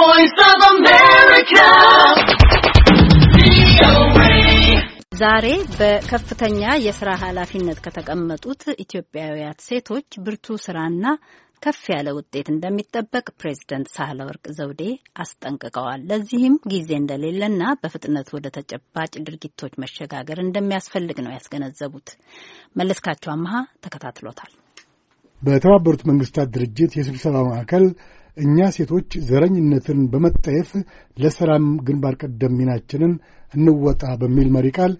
voice ዛሬ በከፍተኛ የስራ ኃላፊነት ከተቀመጡት ኢትዮጵያውያት ሴቶች ብርቱ ስራና ከፍ ያለ ውጤት እንደሚጠበቅ ፕሬዝደንት ወርቅ ዘውዴ አስጠንቅቀዋል። ለዚህም ጊዜ እንደሌለና በፍጥነት ወደ ተጨባጭ ድርጊቶች መሸጋገር እንደሚያስፈልግ ነው ያስገነዘቡት። መለስካቸው አመሃ ተከታትሎታል። በተባበሩት መንግስታት ድርጅት የስብሰባ ማዕከል እኛ ሴቶች ዘረኝነትን በመጠየፍ ለሰላም ግንባር ቀደም ሚናችንን እንወጣ በሚል መሪ ቃል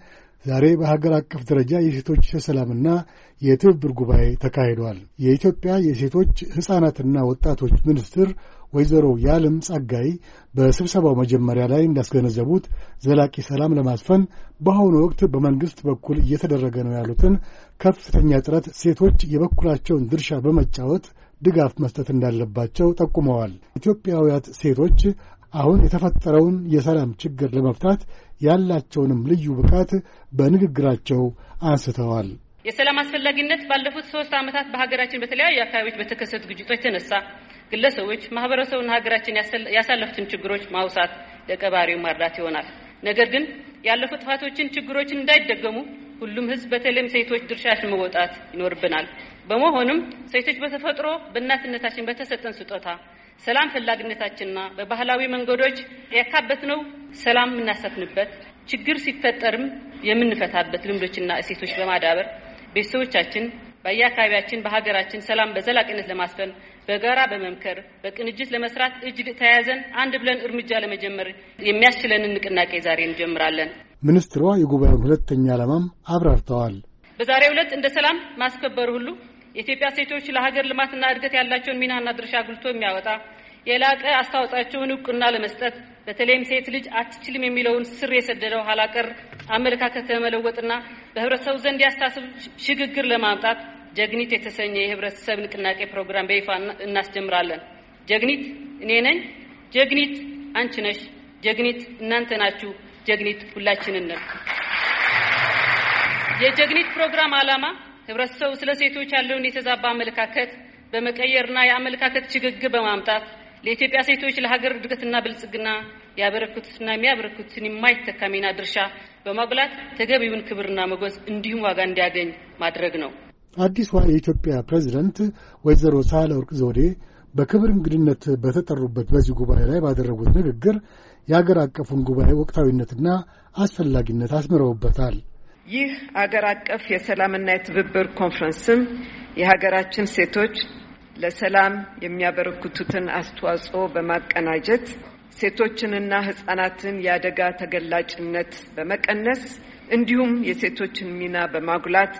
ዛሬ በሀገር አቀፍ ደረጃ የሴቶች የሰላምና የትብብር ጉባኤ ተካሂዷል። የኢትዮጵያ የሴቶች ሕፃናትና ወጣቶች ሚኒስትር ወይዘሮ የዓለም ጸጋይ በስብሰባው መጀመሪያ ላይ እንዳስገነዘቡት ዘላቂ ሰላም ለማስፈን በአሁኑ ወቅት በመንግሥት በኩል እየተደረገ ነው ያሉትን ከፍተኛ ጥረት ሴቶች የበኩላቸውን ድርሻ በመጫወት ድጋፍ መስጠት እንዳለባቸው ጠቁመዋል። ኢትዮጵያውያት ሴቶች አሁን የተፈጠረውን የሰላም ችግር ለመፍታት ያላቸውንም ልዩ ብቃት በንግግራቸው አንስተዋል። የሰላም አስፈላጊነት ባለፉት ሶስት ዓመታት በሀገራችን በተለያዩ አካባቢዎች በተከሰቱ ግጭቶች የተነሳ ግለሰቦች፣ ማህበረሰቡና ሀገራችን ያሳለፉትን ችግሮች ማውሳት ለቀባሪው ማርዳት ይሆናል። ነገር ግን ያለፉት ጥፋቶችን፣ ችግሮችን እንዳይደገሙ ሁሉም ህዝብ በተለይም ሴቶች ድርሻችን መወጣት ይኖርብናል። በመሆኑም ሴቶች በተፈጥሮ በእናትነታችን በተሰጠን ስጦታ ሰላም ፈላጊነታችንና በባህላዊ መንገዶች ነው ሰላም የምናሰፍንበት ችግር ሲፈጠርም የምንፈታበት ልምዶችና እሴቶች በማዳበር ቤተሰቦቻችን በየአካባቢያችን በሀገራችን ሰላም በዘላቂነት ለማስፈን በጋራ በመምከር በቅንጅት ለመስራት እጅ ተያያዘን አንድ ብለን እርምጃ ለመጀመር የሚያስችለንን ንቅናቄ ዛሬ እንጀምራለን። ሚኒስትሯ የጉባኤውን ሁለተኛ ዓላማም አብራርተዋል። በዛሬው ዕለት እንደ ሰላም ማስከበር ሁሉ የኢትዮጵያ ሴቶች ለሀገር ልማትና እድገት ያላቸውን ሚናና ድርሻ አጉልቶ የሚያወጣ የላቀ አስተዋጽኦአቸውን እውቅና ለመስጠት በተለይም ሴት ልጅ አትችልም የሚለውን ስር የሰደደው ኋላቀር አመለካከት ለመለወጥና በህብረተሰቡ ዘንድ ያስታስብ ሽግግር ለማምጣት ጀግኒት የተሰኘ የህብረተሰብ ንቅናቄ ፕሮግራም በይፋ እናስጀምራለን። ጀግኒት እኔ ነኝ፣ ጀግኒት አንቺ ነሽ፣ ጀግኒት እናንተ ናችሁ፣ ጀግኒት ሁላችንን ነን። የጀግኒት ፕሮግራም ዓላማ ህብረተሰቡ ስለ ሴቶች ያለውን የተዛባ አመለካከት በመቀየርና የአመለካከት ሽግግር በማምጣት ለኢትዮጵያ ሴቶች ለሀገር እድገትና ብልጽግና ያበረክቱትና የሚያበረክቱትን የማይተካ ሚና ድርሻ በማጉላት ተገቢውን ክብርና መጎዝ እንዲሁም ዋጋ እንዲያገኝ ማድረግ ነው። አዲሷ የኢትዮጵያ ፕሬዚደንት ወይዘሮ ሳህለወርቅ ዘውዴ በክብር እንግድነት በተጠሩበት በዚህ ጉባኤ ላይ ባደረጉት ንግግር የአገር አቀፉን ጉባኤ ወቅታዊነትና አስፈላጊነት አስምረውበታል። ይህ አገር አቀፍ የሰላምና የትብብር ኮንፈረንስም የሀገራችን ሴቶች ለሰላም የሚያበረክቱትን አስተዋጽኦ በማቀናጀት ሴቶችንና ህጻናትን የአደጋ ተገላጭነት በመቀነስ እንዲሁም የሴቶችን ሚና በማጉላት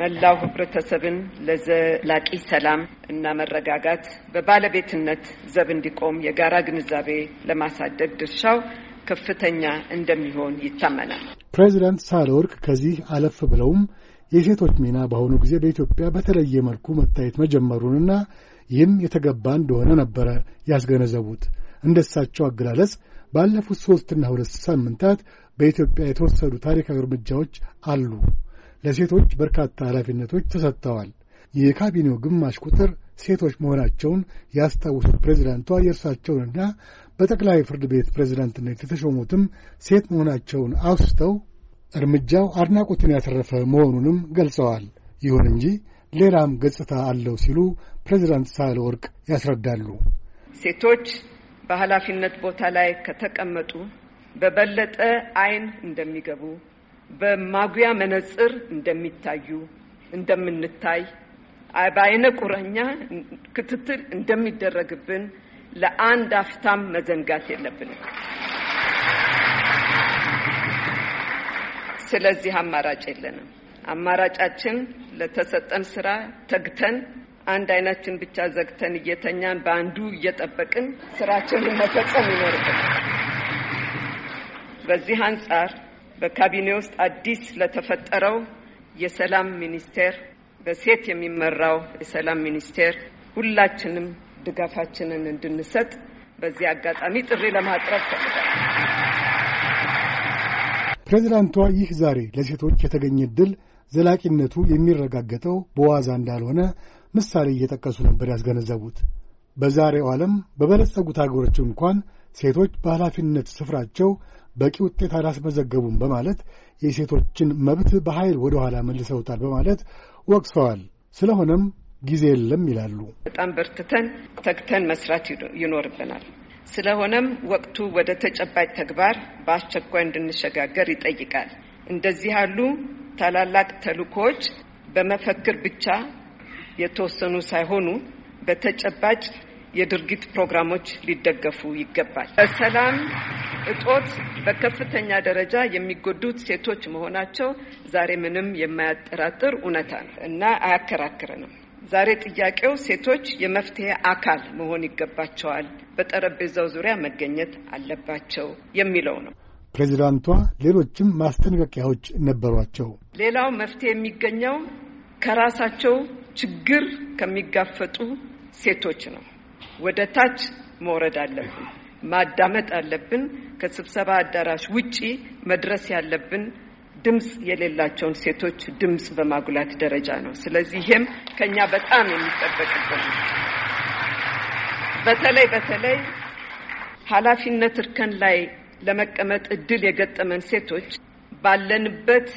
መላው ህብረተሰብን ለዘላቂ ሰላም እና መረጋጋት በባለቤትነት ዘብ እንዲቆም የጋራ ግንዛቤ ለማሳደግ ድርሻው ከፍተኛ እንደሚሆን ይታመናል። ፕሬዚዳንት ሳህለወርቅ ከዚህ አለፍ ብለውም የሴቶች ሚና በአሁኑ ጊዜ በኢትዮጵያ በተለየ መልኩ መታየት መጀመሩንና ይህም የተገባ እንደሆነ ነበረ ያስገነዘቡት። እንደሳቸው አገላለጽ ባለፉት ሦስትና ሁለት ሳምንታት በኢትዮጵያ የተወሰዱ ታሪካዊ እርምጃዎች አሉ። ለሴቶች በርካታ ኃላፊነቶች ተሰጥተዋል። የካቢኔው ግማሽ ቁጥር ሴቶች መሆናቸውን ያስታውሱት ፕሬዚዳንቷ የእርሳቸውንና በጠቅላይ ፍርድ ቤት ፕሬዚዳንትነት የተሾሙትም ሴት መሆናቸውን አውስተው እርምጃው አድናቆትን ያተረፈ መሆኑንም ገልጸዋል። ይሁን እንጂ ሌላም ገጽታ አለው ሲሉ ፕሬዚዳንት ወርቅ ያስረዳሉ። ሴቶች በኃላፊነት ቦታ ላይ ከተቀመጡ በበለጠ አይን እንደሚገቡ፣ በማጉያ መነጽር እንደሚታዩ እንደምንታይ በአይነ ቁረኛ ክትትል እንደሚደረግብን ለአንድ አፍታም መዘንጋት የለብንም። ስለዚህ አማራጭ የለንም። አማራጫችን ለተሰጠን ስራ ተግተን አንድ አይናችን ብቻ ዘግተን እየተኛን በአንዱ እየጠበቅን ስራችንን መፈጸም ይኖርብናል። በዚህ አንጻር በካቢኔ ውስጥ አዲስ ለተፈጠረው የሰላም ሚኒስቴር በሴት የሚመራው የሰላም ሚኒስቴር ሁላችንም ድጋፋችንን እንድንሰጥ በዚህ አጋጣሚ ጥሪ ለማቅረብ ፈልጋል። ፕሬዚዳንቷ ይህ ዛሬ ለሴቶች የተገኘ ድል ዘላቂነቱ የሚረጋገጠው በዋዛ እንዳልሆነ ምሳሌ እየጠቀሱ ነበር ያስገነዘቡት። በዛሬው ዓለም በበለጸጉት አገሮች እንኳን ሴቶች በኃላፊነት ስፍራቸው በቂ ውጤት አላስመዘገቡም በማለት የሴቶችን መብት በኃይል ወደ ኋላ መልሰውታል በማለት ወቅሰዋል። ስለሆነም ጊዜ የለም ይላሉ። በጣም በርትተን ተግተን መስራት ይኖርብናል። ስለሆነም ወቅቱ ወደ ተጨባጭ ተግባር በአስቸኳይ እንድንሸጋገር ይጠይቃል። እንደዚህ ያሉ ታላላቅ ተልእኮዎች በመፈክር ብቻ የተወሰኑ ሳይሆኑ በተጨባጭ የድርጊት ፕሮግራሞች ሊደገፉ ይገባል። በሰላም እጦት በከፍተኛ ደረጃ የሚጎዱት ሴቶች መሆናቸው ዛሬ ምንም የማያጠራጥር እውነታ ነው እና አያከራክርንም። ዛሬ ጥያቄው ሴቶች የመፍትሄ አካል መሆን ይገባቸዋል፣ በጠረጴዛው ዙሪያ መገኘት አለባቸው የሚለው ነው። ፕሬዚዳንቷ ሌሎችም ማስጠንቀቂያዎች ነበሯቸው። ሌላው መፍትሄ የሚገኘው ከራሳቸው ችግር ከሚጋፈጡ ሴቶች ነው። ወደ ታች መውረድ አለብን፣ ማዳመጥ አለብን። ከስብሰባ አዳራሽ ውጪ መድረስ ያለብን ድምፅ የሌላቸውን ሴቶች ድምጽ በማጉላት ደረጃ ነው። ስለዚህ ይሄም ከኛ በጣም የሚጠበቅበት በተለይ በተለይ ኃላፊነት እርከን ላይ ለመቀመጥ እድል የገጠመን ሴቶች ባለንበት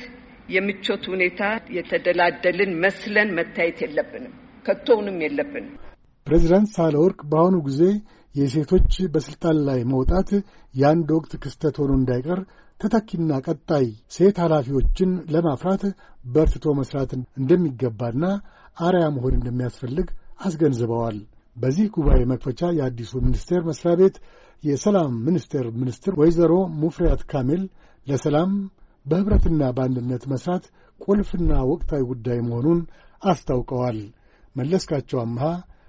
የምቾት ሁኔታ የተደላደልን መስለን መታየት የለብንም፣ ከቶውንም የለብንም። ፕሬዚዳንት ሳለወርቅ በአሁኑ ጊዜ የሴቶች በሥልጣን ላይ መውጣት የአንድ ወቅት ክስተት ሆኖ እንዳይቀር ተተኪና ቀጣይ ሴት ኃላፊዎችን ለማፍራት በርትቶ መሥራት እንደሚገባና አርያ መሆን እንደሚያስፈልግ አስገንዝበዋል። በዚህ ጉባኤ መክፈቻ የአዲሱ ሚኒስቴር መሥሪያ ቤት የሰላም ሚኒስቴር ሚኒስትር ወይዘሮ ሙፍሪያት ካሚል ለሰላም በኅብረትና በአንድነት መሥራት ቁልፍና ወቅታዊ ጉዳይ መሆኑን አስታውቀዋል። መለስካቸው አምሃ